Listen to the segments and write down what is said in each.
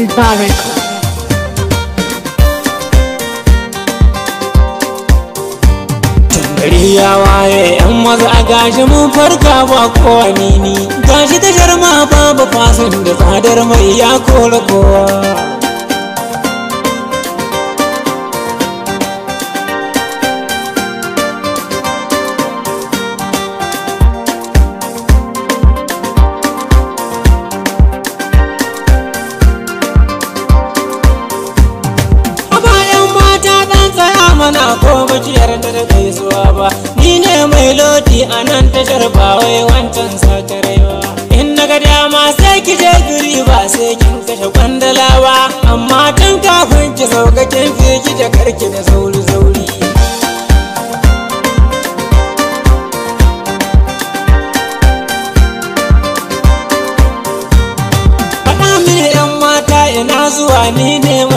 المبارك gari ya waye yan maza a gashi mun farka ba kowa nini gashi tashar ma babu fasin da tsadar mai ya kora kowa magana ko baciyar da kai zuwa ba ni ne mai lodi a nan tashar ba wai wancan sautar raiwa in na ga dama sai ki je guri ba sai kin kashe kwandala ba amma tun kafin ki sauka kin fi ki da karki da sauri sauri Faɗa mini 'yan mata ina zuwa ni ne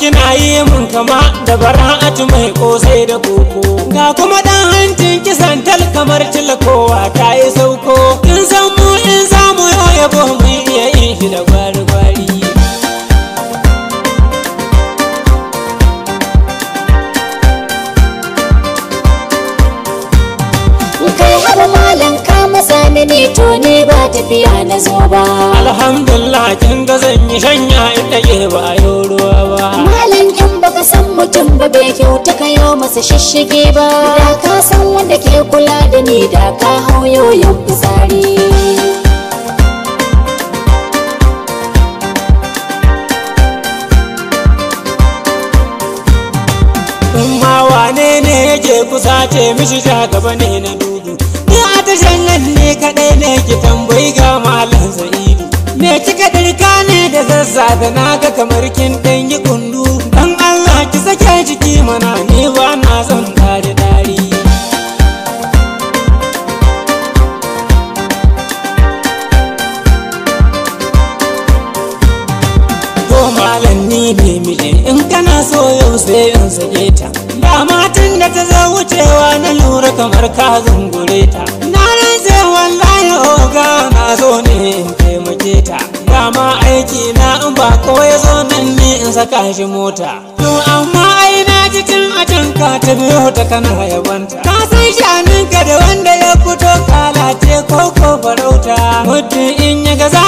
kina yi mun kama da bara'atu mai kosai da koko ga kuma dan hancin kisan tal kamar cilakowa ta yi sauko in san mu in samu yabo mu iya yin shi da gwari gwari malam ba tafiya na zo ba alhamdulillah kin ga zan yi shanya ita ke bayo mutum ba bai kyauta ka yau masa shishige ba da ka san wanda ke kula da ni da ka hau yau fitsari wane ne yake kusa ce mishi ja gaba ne na dudu ni a tashan nan ne kadai ne ki tambayi ga malam za'idu me kika dirka ne da zazzaga na ga kamar kin malam ni in kana so yau sai in sake ta ba matan da ta zo wucewa na lura kamar ka zungure ta na rantse wallahi oga oh, na zo ne in taimake ta dama aiki na in ba ya zo nan ne in saka shi mota to amma ai na ji tun a can ka ta biyo ta kana yabanta ka san shaninka da wanda ya fito kalace ko ko farauta muddin in ya gaza